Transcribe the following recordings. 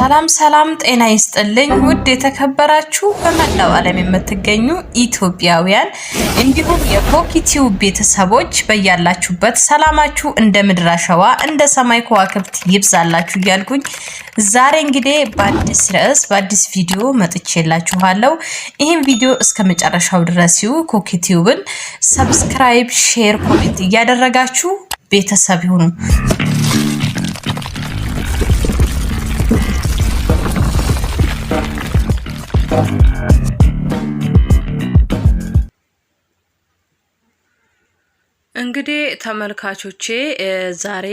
ሰላም ሰላም፣ ጤና ይስጥልኝ ውድ የተከበራችሁ በመላው ዓለም የምትገኙ ኢትዮጵያውያን እንዲሁም የኮኪቲው ቤተሰቦች በያላችሁበት ሰላማችሁ እንደ ምድር አሸዋ እንደ ሰማይ ከዋክብት ይብዛላችሁ እያልኩኝ ዛሬ እንግዲህ በአዲስ ርዕስ በአዲስ ቪዲዮ መጥቼላችኋለሁ። ይህም ቪዲዮ እስከ መጨረሻው ድረስ ይዩ። ኮኪቲውብን ሰብስክራይብ፣ ሼር፣ ኮሜንት እያደረጋችሁ ቤተሰብ ይሁኑ። እንግዲህ ተመልካቾቼ ዛሬ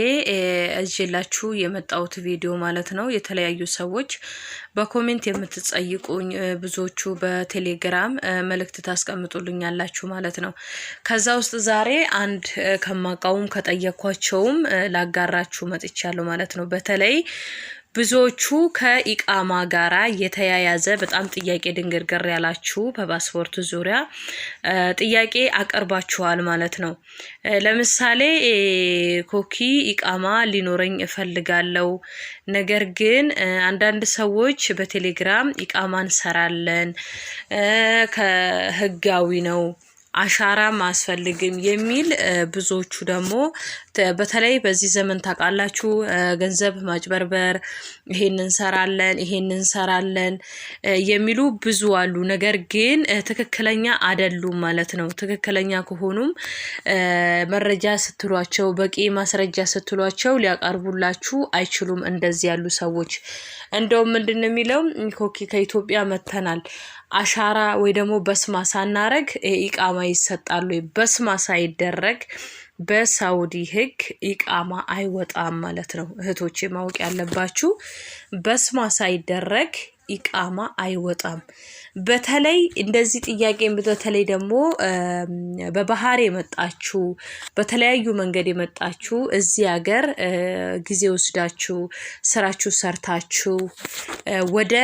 እጅላችሁ የመጣሁት ቪዲዮ ማለት ነው የተለያዩ ሰዎች በኮሜንት የምትጸይቁኝ ብዙዎቹ በቴሌግራም መልእክት ታስቀምጡልኛላችሁ ማለት ነው። ከዛ ውስጥ ዛሬ አንድ ከማቃውም ከጠየኳቸውም ላጋራችሁ መጥቻለሁ ማለት ነው። በተለይ ብዙዎቹ ከኢቃማ ጋራ የተያያዘ በጣም ጥያቄ ድንግርግር ያላችሁ በፓስፖርት ዙሪያ ጥያቄ አቅርባችኋል ማለት ነው። ለምሳሌ ኮኪ ኢቃማ ሊኖረኝ እፈልጋለው፣ ነገር ግን አንዳንድ ሰዎች በቴሌግራም ኢቃማ እንሰራለን ከህጋዊ ነው አሻራም አያስፈልግም የሚል ብዙዎቹ ደግሞ በተለይ በዚህ ዘመን ታውቃላችሁ፣ ገንዘብ ማጭበርበር፣ ይሄን እንሰራለን ይሄን እንሰራለን የሚሉ ብዙ አሉ። ነገር ግን ትክክለኛ አይደሉም ማለት ነው። ትክክለኛ ከሆኑም መረጃ ስትሏቸው፣ በቂ ማስረጃ ስትሏቸው ሊያቀርቡላችሁ አይችሉም። እንደዚህ ያሉ ሰዎች እንደውም ምንድን ነው የሚለው ኮኪ ከኢትዮጵያ መጥተናል አሻራ ወይ ደግሞ በስማ ሳናረግ ኢቃማ ይሰጣሉ። በስማ ሳይደረግ በሳውዲ ህግ ኢቃማ አይወጣም ማለት ነው። እህቶቼ ማወቅ ያለባችሁ በስማ ሳይደረግ ኢቃማ አይወጣም። በተለይ እንደዚህ ጥያቄ በተለይ ደግሞ በባህር የመጣችሁ በተለያዩ መንገድ የመጣችሁ እዚህ ሀገር ጊዜ ወስዳችሁ ስራችሁ ሰርታችሁ ወደ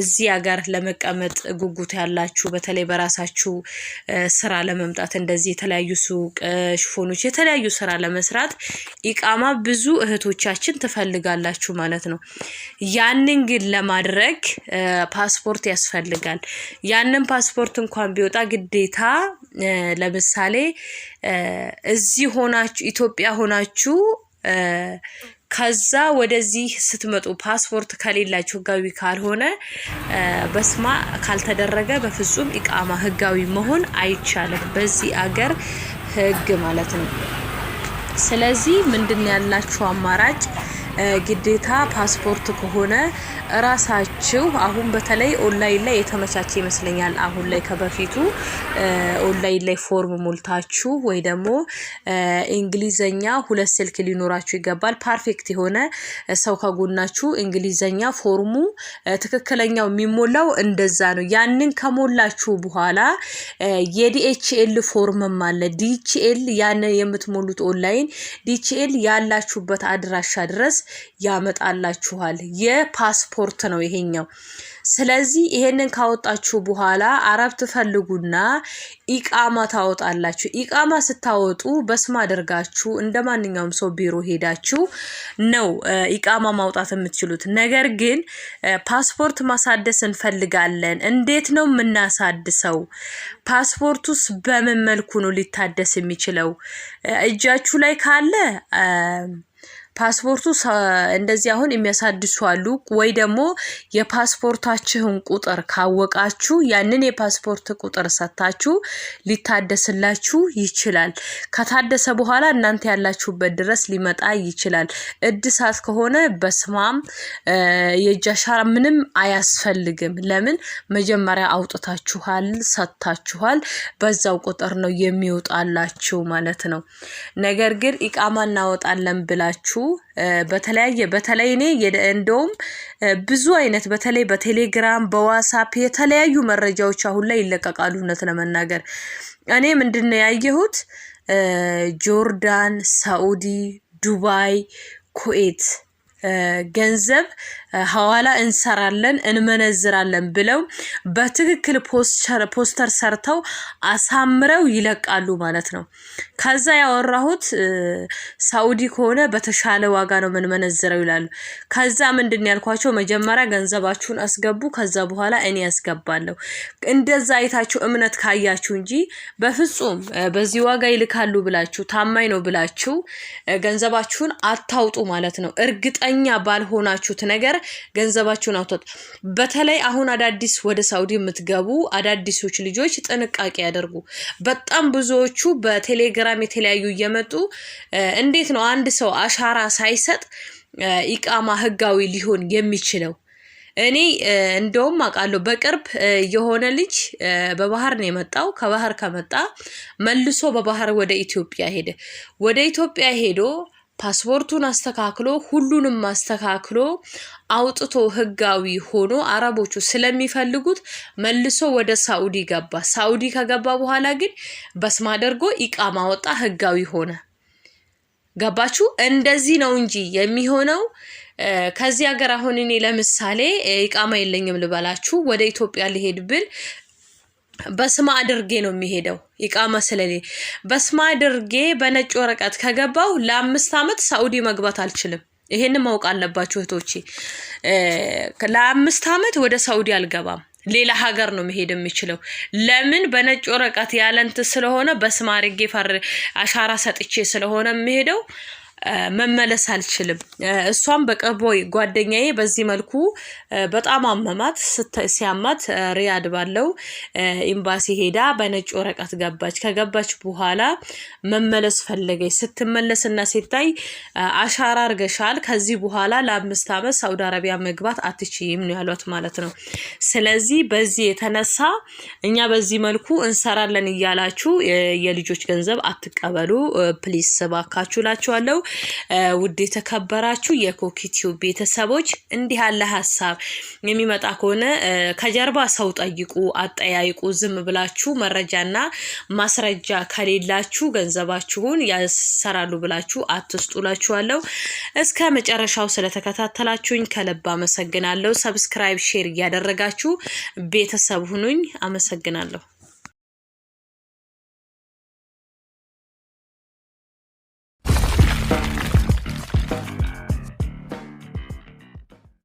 እዚህ ሀገር ለመቀመጥ ጉጉት ያላችሁ በተለይ በራሳችሁ ስራ ለመምጣት እንደዚህ የተለያዩ ሱቅ፣ ሽፎኖች የተለያዩ ስራ ለመስራት ኢቃማ ብዙ እህቶቻችን ትፈልጋላችሁ ማለት ነው። ያንን ግን ለማድረግ ለማድረግ ፓስፖርት ያስፈልጋል። ያንን ፓስፖርት እንኳን ቢወጣ ግዴታ ለምሳሌ እዚህ ሆናችሁ ኢትዮጵያ ሆናችሁ ከዛ ወደዚህ ስትመጡ ፓስፖርት ከሌላችሁ ህጋዊ ካልሆነ በስማ ካልተደረገ በፍጹም ኢቃማ ህጋዊ መሆን አይቻልም፣ በዚህ አገር ህግ ማለት ነው። ስለዚህ ምንድን ያላችሁ አማራጭ ግዴታ ፓስፖርት ከሆነ ራሳችሁ አሁን በተለይ ኦንላይን ላይ የተመቻቸ ይመስለኛል። አሁን ላይ ከበፊቱ ኦንላይን ላይ ፎርም ሞልታችሁ ወይ ደግሞ እንግሊዘኛ ሁለት ስልክ ሊኖራችሁ ይገባል። ፐርፌክት የሆነ ሰው ከጎናችሁ እንግሊዘኛ ፎርሙ ትክክለኛው የሚሞላው እንደዛ ነው። ያንን ከሞላችሁ በኋላ የዲኤችኤል ፎርምም አለ። ዲኤችኤል ያን የምትሞሉት ኦንላይን ዲኤችኤል ያላችሁበት አድራሻ ድረስ ያመጣላችኋል። የፓስፖርት ነው ይሄኛው። ስለዚህ ይሄንን ካወጣችሁ በኋላ አረብ ትፈልጉና ኢቃማ ታወጣላችሁ። ኢቃማ ስታወጡ በስም አድርጋችሁ እንደ ማንኛውም ሰው ቢሮ ሄዳችሁ ነው ኢቃማ ማውጣት የምትችሉት። ነገር ግን ፓስፖርት ማሳደስ እንፈልጋለን፣ እንዴት ነው የምናሳድሰው? ፓስፖርቱስ በምን መልኩ ነው ሊታደስ የሚችለው? እጃችሁ ላይ ካለ ፓስፖርቱ እንደዚህ አሁን የሚያሳድሱ አሉ። ወይ ደግሞ የፓስፖርታችሁን ቁጥር ካወቃችሁ ያንን የፓስፖርት ቁጥር ሰታችሁ ሊታደስላችሁ ይችላል። ከታደሰ በኋላ እናንተ ያላችሁበት ድረስ ሊመጣ ይችላል። እድሳት ከሆነ በስማም የእጅ አሻራ ምንም አያስፈልግም። ለምን መጀመሪያ አውጥታችኋል፣ ሰጥታችኋል። በዛው ቁጥር ነው የሚወጣላችሁ ማለት ነው። ነገር ግን ኢቃማ እናወጣለን ብላችሁ በተለያየ በተለይ እኔ እንደውም ብዙ አይነት በተለይ በቴሌግራም በዋትሳፕ የተለያዩ መረጃዎች አሁን ላይ ይለቀቃሉ። እውነት ለመናገር እኔ ምንድን ነው ያየሁት ጆርዳን፣ ሳኡዲ፣ ዱባይ፣ ኩዌት ገንዘብ ሐዋላ እንሰራለን እንመነዝራለን ብለው በትክክል ፖስተር ሰርተው አሳምረው ይለቃሉ ማለት ነው። ከዛ ያወራሁት ሳውዲ ከሆነ በተሻለ ዋጋ ነው የምንመነዝረው ይላሉ። ከዛ ምንድን ያልኳቸው መጀመሪያ ገንዘባችሁን አስገቡ፣ ከዛ በኋላ እኔ ያስገባለሁ። እንደዛ አይታችሁ እምነት ካያችሁ እንጂ በፍጹም በዚህ ዋጋ ይልካሉ ብላችሁ ታማኝ ነው ብላችሁ ገንዘባችሁን አታውጡ ማለት ነው እርግጠ ቁርጠኛ ባልሆናችሁት ነገር ገንዘባችሁን አውጣት። በተለይ አሁን አዳዲስ ወደ ሳውዲ የምትገቡ አዳዲሶች ልጆች ጥንቃቄ ያደርጉ። በጣም ብዙዎቹ በቴሌግራም የተለያዩ እየመጡ እንዴት ነው አንድ ሰው አሻራ ሳይሰጥ ኢቃማ ህጋዊ ሊሆን የሚችለው? እኔ እንደውም አውቃለሁ። በቅርብ የሆነ ልጅ በባህር ነው የመጣው። ከባህር ከመጣ መልሶ በባህር ወደ ኢትዮጵያ ሄደ። ወደ ኢትዮጵያ ሄዶ ፓስፖርቱን አስተካክሎ ሁሉንም አስተካክሎ አውጥቶ ህጋዊ ሆኖ አረቦቹ ስለሚፈልጉት መልሶ ወደ ሳኡዲ ገባ። ሳኡዲ ከገባ በኋላ ግን በስማ አድርጎ ኢቃማ ወጣ፣ ህጋዊ ሆነ። ገባችሁ? እንደዚህ ነው እንጂ የሚሆነው። ከዚህ ሀገር አሁን እኔ ለምሳሌ ኢቃማ የለኝም ልበላችሁ፣ ወደ ኢትዮጵያ ልሄድ ብል በስማ አድርጌ ነው የሚሄደው ኢቃማ ስለሌ በስማ አድርጌ በነጭ ወረቀት ከገባው ለአምስት ዓመት ሳኡዲ መግባት አልችልም። ይሄን ማወቅ አለባችሁ እህቶቼ። ለአምስት ዓመት ወደ ሳኡዲ አልገባም። ሌላ ሀገር ነው መሄድ የሚችለው። ለምን? በነጭ ወረቀት ያለንት ስለሆነ በስማ አድርጌ አሻራ ሰጥቼ ስለሆነ የሚሄደው መመለስ አልችልም። እሷም በቅርቡ ጓደኛዬ በዚህ መልኩ በጣም አመማት። ሲያማት ሪያድ ባለው ኤምባሲ ሄዳ በነጭ ወረቀት ገባች። ከገባች በኋላ መመለስ ፈለገች። ስትመለስና ሲታይ አሻራ አርገሻል፣ ከዚህ በኋላ ለአምስት ዓመት ሳውዲ አረቢያ መግባት አትችይም ነው ያሏት ማለት ነው። ስለዚህ በዚህ የተነሳ እኛ በዚህ መልኩ እንሰራለን እያላችሁ የልጆች ገንዘብ አትቀበሉ ፕሊስ ስባካችሁ ላችኋለሁ። ውድ የተከበራችሁ የኮኪቲዩ ቤተሰቦች እንዲህ ያለ ሀሳብ የሚመጣ ከሆነ ከጀርባ ሰው ጠይቁ፣ አጠያይቁ። ዝም ብላችሁ መረጃና ማስረጃ ከሌላችሁ ገንዘባችሁን ያሰራሉ ብላችሁ አትስጡላችኋለሁ። እስከ መጨረሻው ስለተከታተላችሁኝ ከልብ አመሰግናለሁ። ሰብስክራይብ፣ ሼር እያደረጋችሁ ቤተሰብ ሁኑኝ። አመሰግናለሁ።